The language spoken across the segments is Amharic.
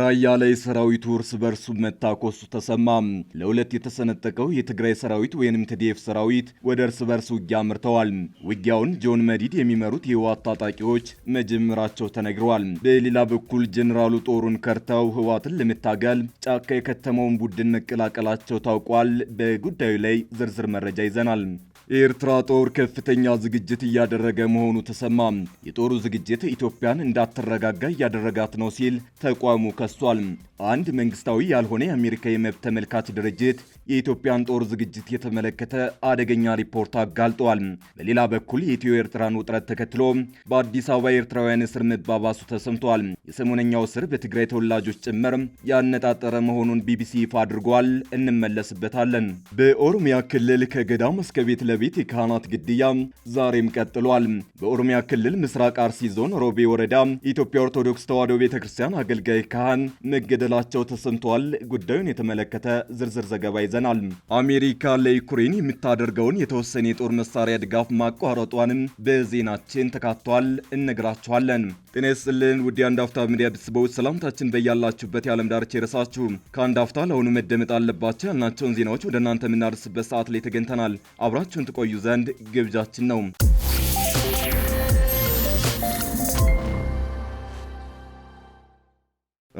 ራያ ላይ ሰራዊቱ እርስ በርሱ መታኮሱ ተሰማ። ለሁለት የተሰነጠቀው የትግራይ ሰራዊት ወይንም ትዲኤፍ ሰራዊት ወደ እርስ በርስ ውጊያ አምርተዋል። ውጊያውን ጆን መዲድ የሚመሩት የህወሓት ታጣቂዎች መጀመራቸው ተነግረዋል። በሌላ በኩል ጀኔራሉ ጦሩን ከርተው ህወሓትን ለመታገል ጫካ የከተመውን ቡድን መቀላቀላቸው ታውቋል። በጉዳዩ ላይ ዝርዝር መረጃ ይዘናል። የኤርትራ ጦር ከፍተኛ ዝግጅት እያደረገ መሆኑ ተሰማ። የጦሩ ዝግጅት ኢትዮጵያን እንዳትረጋጋ እያደረጋት ነው ሲል ተቋሙ ከሷል። አንድ መንግስታዊ ያልሆነ የአሜሪካ የመብት ተመልካች ድርጅት የኢትዮጵያን ጦር ዝግጅት የተመለከተ አደገኛ ሪፖርት አጋልጧል። በሌላ በኩል የኢትዮ ኤርትራን ውጥረት ተከትሎ በአዲስ አበባ የኤርትራውያን እስር መባባሱ ተሰምቷል። የሰሞነኛው እስር በትግራይ ተወላጆች ጭምር ያነጣጠረ መሆኑን ቢቢሲ ይፋ አድርጓል። እንመለስበታለን። በኦሮሚያ ክልል ከገዳም እስከ ቤት የቤት የካህናት ግድያ ዛሬም ቀጥሏል። በኦሮሚያ ክልል ምስራቅ አርሲ ዞን ሮቤ ወረዳ የኢትዮጵያ ኦርቶዶክስ ተዋሕዶ ቤተ ክርስቲያን አገልጋይ ካህን መገደላቸው ተሰምቷል። ጉዳዩን የተመለከተ ዝርዝር ዘገባ ይዘናል። አሜሪካ ለዩክሬን የምታደርገውን የተወሰነ የጦር መሳሪያ ድጋፍ ማቋረጧንም በዜናችን ተካቷል፣ እነግራችኋለን። ጤና ይስጥልን ውድ የአንድ አፍታ ሚዲያ ቤተሰቦች ሰላምታችን በያላችሁበት የዓለም ዳርቻ የረሳችሁ ከአንድ አፍታ ለአሁኑ መደመጥ አለባቸው ያልናቸውን ዜናዎች ወደ እናንተ የምናደርስበት ሰዓት ላይ ተገኝተናል። አብራችሁን ትቆዩ ዘንድ ግብዣችን ነው።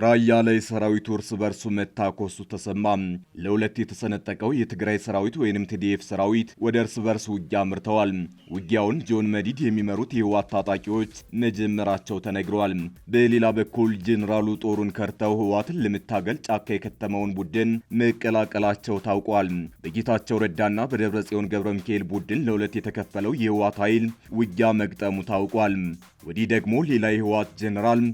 ራያ ላይ ሰራዊቱ እርስ በርሱ መታኮሱ ተሰማ። ለሁለት የተሰነጠቀው የትግራይ ሰራዊት ወይንም ቲዲኤፍ ሰራዊት ወደ እርስ በርስ ውጊያ አምርተዋል። ውጊያውን ጆን መዲድ የሚመሩት የህወሓት ታጣቂዎች መጀመራቸው ተነግረዋል። በሌላ በኩል ጄኔራሉ ጦሩን ከርተው ህወሓትን ለመታገል ጫካ የከተመውን ቡድን መቀላቀላቸው ታውቋል። በጌታቸው ረዳና በደብረ ጽዮን ገብረ ሚካኤል ቡድን ለሁለት የተከፈለው የህወሓት ኃይል ውጊያ መግጠሙ ታውቋል። ወዲህ ደግሞ ሌላ የህወሓት ጄኔራል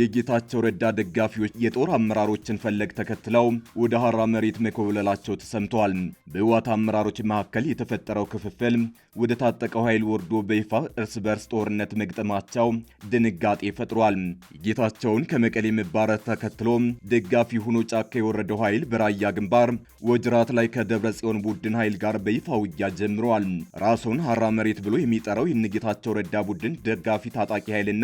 የጌታቸው ረዳ ደጋፊዎች የጦር አመራሮችን ፈለግ ተከትለው ወደ ሀራ መሬት መኮብለላቸው ተሰምተዋል። በህወሓት አመራሮች መካከል የተፈጠረው ክፍፍል ወደ ታጠቀው ኃይል ወርዶ በይፋ እርስ በርስ ጦርነት መግጠማቸው ድንጋጤ ፈጥሯል። ጌታቸውን ከመቀሌ መባረር ተከትሎ ደጋፊ ሆኖ ጫካ የወረደው ኃይል በራያ ግንባር ወጅራት ላይ ከደብረ ጽዮን ቡድን ኃይል ጋር በይፋ ውጊያ ጀምረዋል። ራሱን ሀራ መሬት ብሎ የሚጠራው የነጌታቸው ረዳ ቡድን ደጋፊ ታጣቂ ኃይልና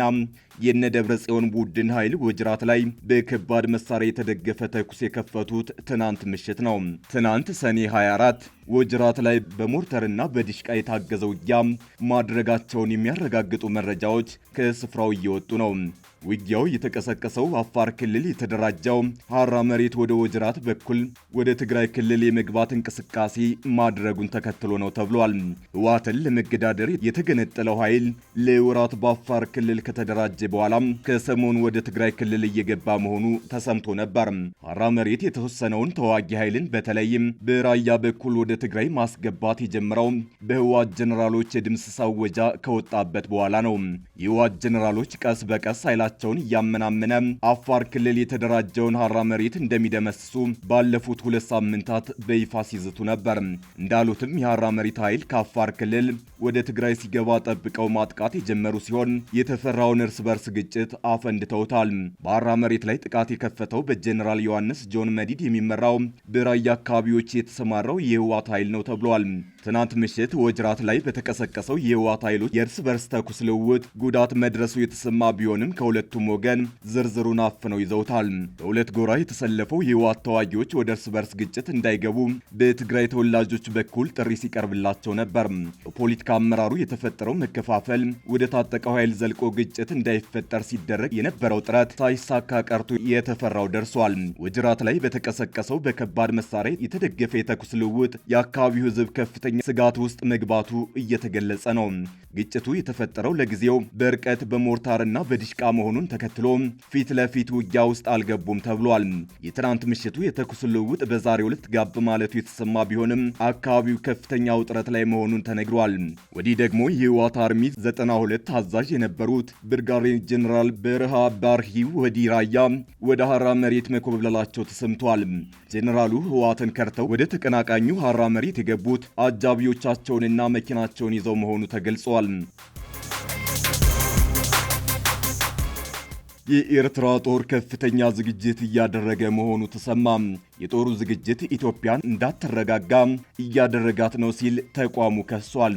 የነ ደብረ ጽዮን ቡድን የቡድን ኃይል ውጅራት ላይ በከባድ መሳሪያ የተደገፈ ተኩስ የከፈቱት ትናንት ምሽት ነው። ትናንት ሰኔ 24 ወጅራት ላይ በሞርተርና በዲሽቃ የታገዘ ውጊያ ማድረጋቸውን የሚያረጋግጡ መረጃዎች ከስፍራው እየወጡ ነው። ውጊያው የተቀሰቀሰው አፋር ክልል የተደራጀው ሀራ መሬት ወደ ወጅራት በኩል ወደ ትግራይ ክልል የመግባት እንቅስቃሴ ማድረጉን ተከትሎ ነው ተብሏል። ህወሓትን ለመገዳደር የተገነጠለው ኃይል ለወራት በአፋር ክልል ከተደራጀ በኋላ ከሰሞኑ ወደ ትግራይ ክልል እየገባ መሆኑ ተሰምቶ ነበር። ሀራ መሬት የተወሰነውን ተዋጊ ኃይልን በተለይም በራያ በኩል ወደ ትግራይ ማስገባት የጀመረው በህወሓት ጀኔራሎች የድምስሳ ሳወጃ ከወጣበት በኋላ ነው። የህወሓት ጀኔራሎች ቀስ በቀስ አይላ መሆናቸውን እያመናመነ አፋር ክልል የተደራጀውን ሀራ መሬት እንደሚደመስሱ ባለፉት ሁለት ሳምንታት በይፋ ሲዝቱ ነበር። እንዳሉትም የሀራ መሬት ኃይል ከአፋር ክልል ወደ ትግራይ ሲገባ ጠብቀው ማጥቃት የጀመሩ ሲሆን የተፈራውን እርስ በርስ ግጭት አፈንድተውታል። በሀራ መሬት ላይ ጥቃት የከፈተው በጀኔራል ዮሐንስ ጆን መዲድ የሚመራው በራያ አካባቢዎች የተሰማራው የህወሓት ኃይል ነው ተብሏል። ትናንት ምሽት ወጅራት ላይ በተቀሰቀሰው የህወሓት ኃይሎች የእርስ በርስ ተኩስ ልውውጥ ጉዳት መድረሱ የተሰማ ቢሆንም ከሁለ ሁለቱም ወገን ዝርዝሩን አፍነው ይዘውታል። በሁለት ጎራ የተሰለፈው የህወሓት ተዋጊዎች ወደ እርስ በርስ ግጭት እንዳይገቡ በትግራይ ተወላጆች በኩል ጥሪ ሲቀርብላቸው ነበር። በፖለቲካ አመራሩ የተፈጠረው መከፋፈል ወደ ታጠቀው ኃይል ዘልቆ ግጭት እንዳይፈጠር ሲደረግ የነበረው ጥረት ሳይሳካ ቀርቶ የተፈራው ደርሷል። ወጅራት ላይ በተቀሰቀሰው በከባድ መሳሪያ የተደገፈ የተኩስ ልውውጥ የአካባቢው ህዝብ ከፍተኛ ስጋት ውስጥ መግባቱ እየተገለጸ ነው። ግጭቱ የተፈጠረው ለጊዜው በርቀት በሞርታርና በዲሽቃ መሆኑ መሆኑን ተከትሎ ፊት ለፊት ውጊያ ውስጥ አልገቡም ተብሏል። የትናንት ምሽቱ የተኩስ ልውውጥ በዛሬው ዕለት ጋብ ማለቱ የተሰማ ቢሆንም አካባቢው ከፍተኛ ውጥረት ላይ መሆኑን ተነግሯል። ወዲህ ደግሞ የህወሓት አርሚ 92 አዛዥ የነበሩት ብርጋዴር ጀኔራል በረሃ ባርሂ ወዲ ራያ ወደ ሀራ መሬት መኮብለላቸው ተሰምቷል። ጀኔራሉ ህወሓትን ከርተው ወደ ተቀናቃኙ ሀራ መሬት የገቡት አጃቢዎቻቸውንና መኪናቸውን ይዘው መሆኑ ተገልጿል። የኤርትራ ጦር ከፍተኛ ዝግጅት እያደረገ መሆኑ ተሰማ። የጦሩ ዝግጅት ኢትዮጵያን እንዳትረጋጋ እያደረጋት ነው ሲል ተቋሙ ከሷል።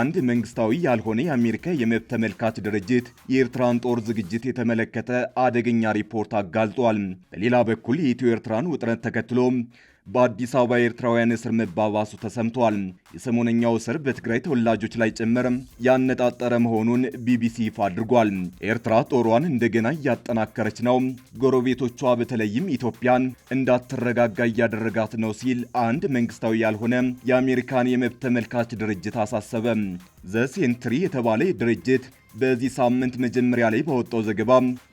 አንድ መንግስታዊ ያልሆነ የአሜሪካ የመብት ተመልካች ድርጅት የኤርትራን ጦር ዝግጅት የተመለከተ አደገኛ ሪፖርት አጋልጧል። በሌላ በኩል የኢትዮ ኤርትራን ውጥረት ተከትሎ በአዲስ አበባ የኤርትራውያን እስር መባባሱ ተሰምቷል። የሰሞነኛው እስር በትግራይ ተወላጆች ላይ ጭምር ያነጣጠረ መሆኑን ቢቢሲ ይፋ አድርጓል። ኤርትራ ጦሯን እንደገና እያጠናከረች ነው፣ ጎረቤቶቿ በተለይም ኢትዮጵያን እንዳትረጋጋ እያደረጋት ነው ሲል አንድ መንግስታዊ ያልሆነ የአሜሪካን የመብት ተመልካች ድርጅት አሳሰበ። ዘ ሴንትሪ የተባለ ድርጅት በዚህ ሳምንት መጀመሪያ ላይ በወጣው ዘገባ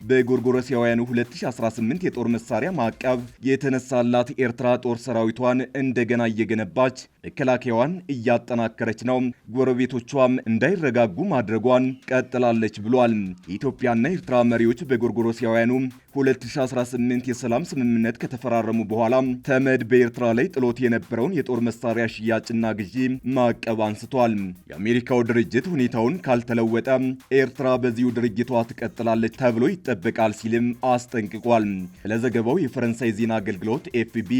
በጎርጎረሲያውያኑ 2018 የጦር መሳሪያ ማዕቀብ የተነሳላት ኤርትራ ጦር ሰራዊቷን እንደገና እየገነባች መከላከያዋን እያጠናከረች ነው፣ ጎረቤቶቿም እንዳይረጋጉ ማድረጓን ቀጥላለች ብሏል። የኢትዮጵያና ኤርትራ መሪዎች በጎርጎሮሲያውያኑ 2018 የሰላም ስምምነት ከተፈራረሙ በኋላ ተመድ በኤርትራ ላይ ጥሎት የነበረውን የጦር መሳሪያ ሽያጭና ግዢ ማዕቀብ አንስቷል። የአሜሪካው ድርጅት ሁኔታውን ካልተለወጠ ኤርትራ በዚሁ ድርጊቷ ትቀጥላለች ተብሎ ይጠበቃል ሲልም አስጠንቅቋል። ለዘገባው የፈረንሳይ ዜና አገልግሎት ኤፍቢ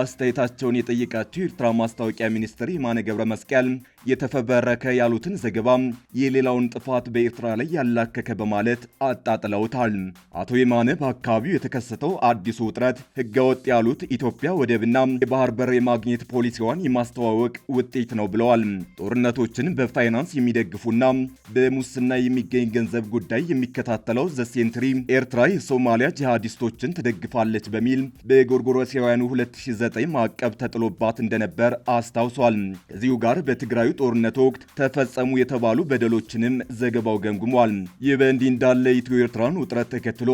አስተያየታቸውን የጠየቃቸው የኤርትራ ማስታወቂያ ሚኒስትር የማነ ገብረ መስቀል የተፈበረከ ያሉትን ዘገባ የሌላውን ጥፋት በኤርትራ ላይ ያላከከ በማለት አጣጥለውታል። አቶ የማነ በአካባቢው የተከሰተው አዲሱ ውጥረት ህገወጥ ያሉት ኢትዮጵያ ወደብና የባህር በር የማግኘት ፖሊሲዋን የማስተዋወቅ ውጤት ነው ብለዋል። ጦርነቶችን በፋይናንስ የሚደግፉና በሙስና የሚገኝ ገንዘብ ጉዳይ የሚከታተለው ዘ ሴንትሪ ኤርትራ የሶማሊያ ጂሃዲስቶችን ትደግፋለች በሚል በጎርጎሮሲያውያኑ 2009 ማዕቀብ ተጥሎባት እንደነበር አስታውሷል። ከዚሁ ጋር በትግራዩ ጦርነት ወቅት ተፈጸሙ የተባሉ በደሎችንም ዘገባው ገምግሟል። ይህ በእንዲህ እንዳለ ኢትዮ ኤርትራን ውጥረት ተከትሎ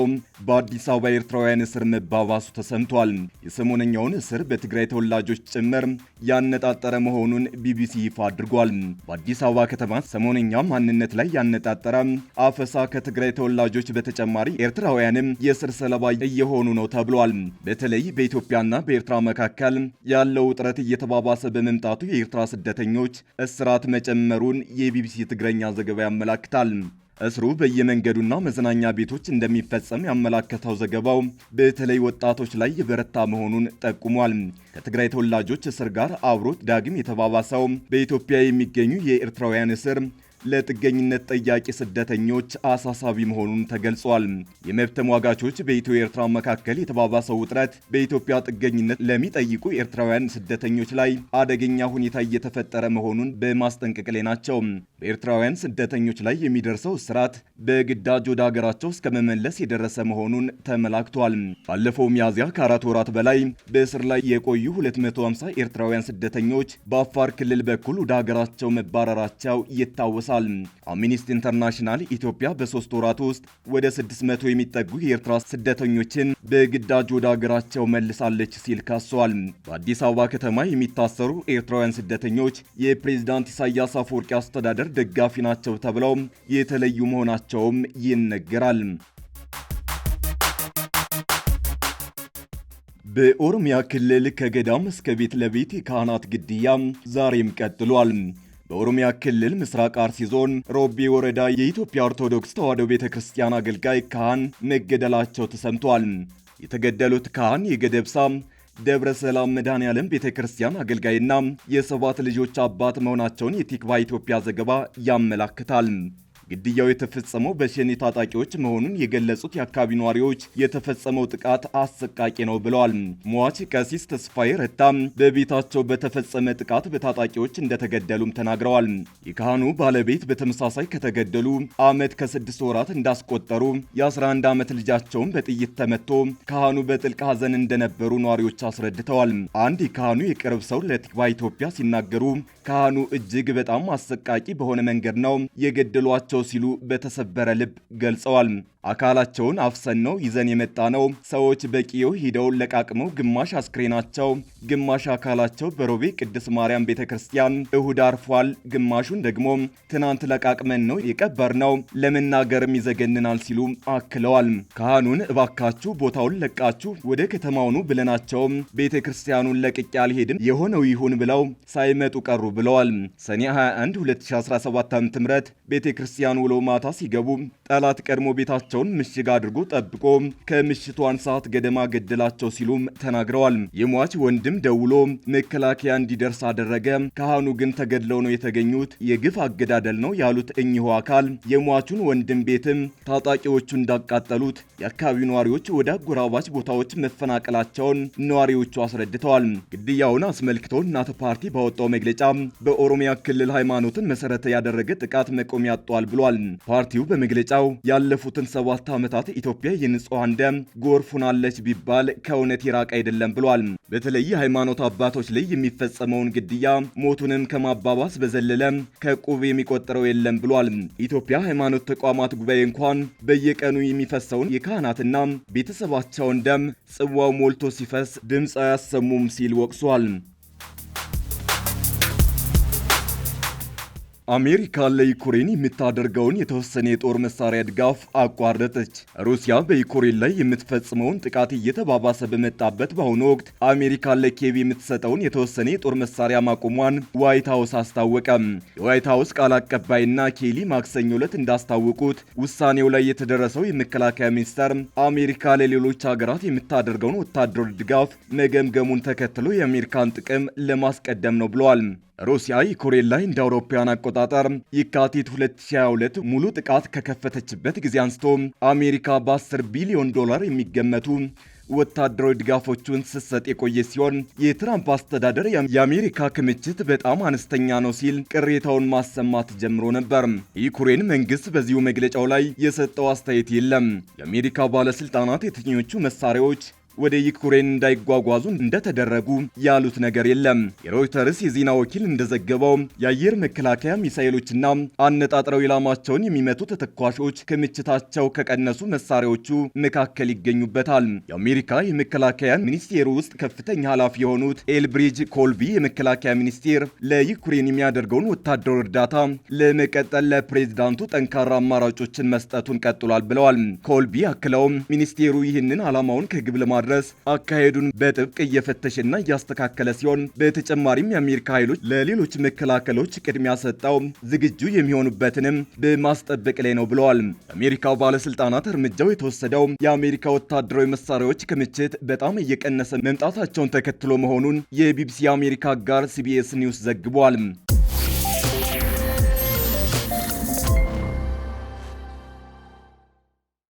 በአዲስ አበባ ኤርትራውያን እስር መባባሱ ተሰምቷል። የሰሞነኛውን እስር በትግራይ ተወላጆች ጭምር ያነጣጠረ መሆኑን ቢቢሲ ይፋ አድርጓል። በአዲስ አበባ ከተማ ሰሞነኛ ማንነት ላይ ያነጣጠረ አፈሳ ከትግራይ ተወላጆች በተጨማሪ ኤርትራውያንም የስር ሰለባ እየሆኑ ነው ተብሏል። በተለይ በኢትዮጵያና በኤርትራ መካከል ያለው ውጥረት እየተባባሰ በመምጣቱ የኤርትራ ስደተኞች እስራት መጨመሩን የቢቢሲ ትግረኛ ዘገባ ያመላክታል። እስሩ በየመንገዱና መዝናኛ ቤቶች እንደሚፈጸም ያመላከተው ዘገባው በተለይ ወጣቶች ላይ የበረታ መሆኑን ጠቁሟል። ከትግራይ ተወላጆች እስር ጋር አብሮ ዳግም የተባባሰው በኢትዮጵያ የሚገኙ የኤርትራውያን እስር ለጥገኝነት ጠያቂ ስደተኞች አሳሳቢ መሆኑን ተገልጿል። የመብት ተሟጋቾች በኢትዮ ኤርትራ መካከል የተባባሰው ውጥረት በኢትዮጵያ ጥገኝነት ለሚጠይቁ ኤርትራውያን ስደተኞች ላይ አደገኛ ሁኔታ እየተፈጠረ መሆኑን በማስጠንቀቅ ላይ ናቸው። በኤርትራውያን ስደተኞች ላይ የሚደርሰው እስራት በግዳጅ ወደ ሀገራቸው እስከ መመለስ የደረሰ መሆኑን ተመላክቷል። ባለፈው ሚያዝያ ከአራት ወራት በላይ በእስር ላይ የቆዩ 250 ኤርትራውያን ስደተኞች በአፋር ክልል በኩል ወደ ሀገራቸው መባረራቸው ይታወሳል። ይታወሳል። አምኒስቲ ኢንተርናሽናል ኢትዮጵያ በሶስት ወራት ውስጥ ወደ 600 የሚጠጉ የኤርትራ ስደተኞችን በግዳጅ ወደ አገራቸው መልሳለች ሲል ካሷል። በአዲስ አበባ ከተማ የሚታሰሩ ኤርትራውያን ስደተኞች የፕሬዝዳንት ኢሳያስ አፈወርቂ አስተዳደር ደጋፊ ናቸው ተብለው የተለዩ መሆናቸውም ይነገራል። በኦሮሚያ ክልል ከገዳም እስከ ቤት ለቤት የካህናት ግድያ ዛሬም ቀጥሏል። በኦሮሚያ ክልል ምስራቅ አርሲ ዞን ሮቢ ወረዳ የኢትዮጵያ ኦርቶዶክስ ተዋሕዶ ቤተ ክርስቲያን አገልጋይ ካህን መገደላቸው ተሰምቷል። የተገደሉት ካህን የገደብሳ ደብረ ሰላም መድኃኔ ዓለም ቤተ ክርስቲያን አገልጋይና የሰባት ልጆች አባት መሆናቸውን የቲክቫ ኢትዮጵያ ዘገባ ያመላክታል። ግድያው የተፈጸመው በሸኔ ታጣቂዎች መሆኑን የገለጹት የአካባቢ ነዋሪዎች የተፈጸመው ጥቃት አሰቃቂ ነው ብለዋል። ሟች ቀሲስ ተስፋዬ ረታ በቤታቸው በተፈጸመ ጥቃት በታጣቂዎች እንደተገደሉም ተናግረዋል። የካህኑ ባለቤት በተመሳሳይ ከተገደሉ ዓመት ከስድስት ወራት እንዳስቆጠሩ የ11 ዓመት ልጃቸውን በጥይት ተመቶ ካህኑ በጥልቅ ሐዘን እንደነበሩ ነዋሪዎች አስረድተዋል። አንድ የካህኑ የቅርብ ሰው ለቲክባ ኢትዮጵያ ሲናገሩ ካህኑ እጅግ በጣም አሰቃቂ በሆነ መንገድ ነው የገደሏቸው ሲሉ በተሰበረ ልብ ገልጸዋል። አካላቸውን አፍሰን ነው ይዘን የመጣ ነው። ሰዎች በቂዮ ሂደው ለቃቅመው ግማሽ አስክሬናቸው፣ ግማሽ አካላቸው በሮቤ ቅድስት ማርያም ቤተ ክርስቲያን እሁድ አርፏል። ግማሹን ደግሞ ትናንት ለቃቅመን ነው የቀበር ነው። ለመናገርም ይዘገንናል ሲሉ አክለዋል። ካህኑን እባካችሁ ቦታውን ለቃችሁ ወደ ከተማውኑ ብለናቸው ቤተ ክርስቲያኑን ለቅቄ አልሄድም የሆነው ይሁን ብለው ሳይመጡ ቀሩ ብለዋል። ሰኔ 21 2017 ዓ.ም ቤተ ክርስቲያን ውሎ ማታ ሲገቡ ጠላት ቀድሞ ቤታቸው ራሳቸውን ምሽግ አድርጎ ጠብቆ ከምሽቱ አንድ ሰዓት ገደማ ገደላቸው ሲሉም ተናግረዋል። የሟች ወንድም ደውሎ መከላከያ እንዲደርስ አደረገ። ካህኑ ግን ተገድለው ነው የተገኙት። የግፍ አገዳደል ነው ያሉት እኚሁ አካል የሟቹን ወንድም ቤትም ታጣቂዎቹ እንዳቃጠሉት የአካባቢው ነዋሪዎች ወደ አጎራባች ቦታዎች መፈናቀላቸውን ነዋሪዎቹ አስረድተዋል። ግድያውን አስመልክቶ እናት ፓርቲ ባወጣው መግለጫ በኦሮሚያ ክልል ሃይማኖትን መሰረተ ያደረገ ጥቃት መቆም ያጧል ብሏል። ፓርቲው በመግለጫው ያለፉትን ሰባት ዓመታት ኢትዮጵያ የንጹሐን ደም ጎርፉናለች ቢባል ከእውነት የራቅ አይደለም ብሏል። በተለይ የሃይማኖት አባቶች ላይ የሚፈጸመውን ግድያ ሞቱንም ከማባባስ በዘለለ ከቁብ የሚቆጠረው የለም ብሏል። ኢትዮጵያ ሃይማኖት ተቋማት ጉባኤ እንኳን በየቀኑ የሚፈሰውን የካህናትና ቤተሰባቸውን ደም ጽዋው ሞልቶ ሲፈስ ድምፅ አያሰሙም ሲል ወቅሷል። አሜሪካ ለዩክሬን የምታደርገውን የተወሰነ የጦር መሳሪያ ድጋፍ አቋረጠች። ሩሲያ በዩክሬን ላይ የምትፈጽመውን ጥቃት እየተባባሰ በመጣበት በአሁኑ ወቅት አሜሪካ ለኬቪ የምትሰጠውን የተወሰነ የጦር መሳሪያ ማቆሟን ዋይት ሀውስ አስታወቀም። የዋይት ሀውስ ቃል አቀባይና ኬሊ ማክሰኞ ዕለት እንዳስታወቁት ውሳኔው ላይ የተደረሰው የመከላከያ ሚኒስቴር አሜሪካ ለሌሎች ሀገራት የምታደርገውን ወታደራዊ ድጋፍ መገምገሙን ተከትሎ የአሜሪካን ጥቅም ለማስቀደም ነው ብለዋል። ሩሲያ ዩክሬን ላይ እንደ አውሮፓውያን አቆጣጠር የካቲት 2022 ሙሉ ጥቃት ከከፈተችበት ጊዜ አንስቶ አሜሪካ በ10 ቢሊዮን ዶላር የሚገመቱ ወታደራዊ ድጋፎቹን ስትሰጥ የቆየ ሲሆን የትራምፕ አስተዳደር የአሜሪካ ክምችት በጣም አነስተኛ ነው ሲል ቅሬታውን ማሰማት ጀምሮ ነበር። ዩክሬን መንግስት በዚሁ መግለጫው ላይ የሰጠው አስተያየት የለም። የአሜሪካ ባለስልጣናት የትኞቹ መሳሪያዎች ወደ ዩክሬን እንዳይጓጓዙ እንደተደረጉ ያሉት ነገር የለም። የሮይተርስ የዜና ወኪል እንደዘገበው የአየር መከላከያ ሚሳኤሎችና አነጣጥረው ኢላማቸውን የሚመቱ ተተኳሾች ክምችታቸው ከቀነሱ መሳሪያዎቹ መካከል ይገኙበታል። የአሜሪካ የመከላከያ ሚኒስቴር ውስጥ ከፍተኛ ኃላፊ የሆኑት ኤልብሪጅ ኮልቢ የመከላከያ ሚኒስቴር ለዩክሬን የሚያደርገውን ወታደራዊ እርዳታ ለመቀጠል ለፕሬዚዳንቱ ጠንካራ አማራጮችን መስጠቱን ቀጥሏል ብለዋል። ኮልቢ አክለውም ሚኒስቴሩ ይህንን ዓላማውን ከግብ ለማድረግ ድረስ አካሄዱን በጥብቅ እየፈተሸና እያስተካከለ ሲሆን በተጨማሪም የአሜሪካ ኃይሎች ለሌሎች መከላከሎች ቅድሚያ ሰጠው ዝግጁ የሚሆኑበትንም በማስጠበቅ ላይ ነው ብለዋል። የአሜሪካው ባለስልጣናት እርምጃው የተወሰደው የአሜሪካ ወታደራዊ መሳሪያዎች ክምችት በጣም እየቀነሰ መምጣታቸውን ተከትሎ መሆኑን የቢቢሲ የአሜሪካ ጋር ሲቢኤስ ኒውስ ዘግቧል።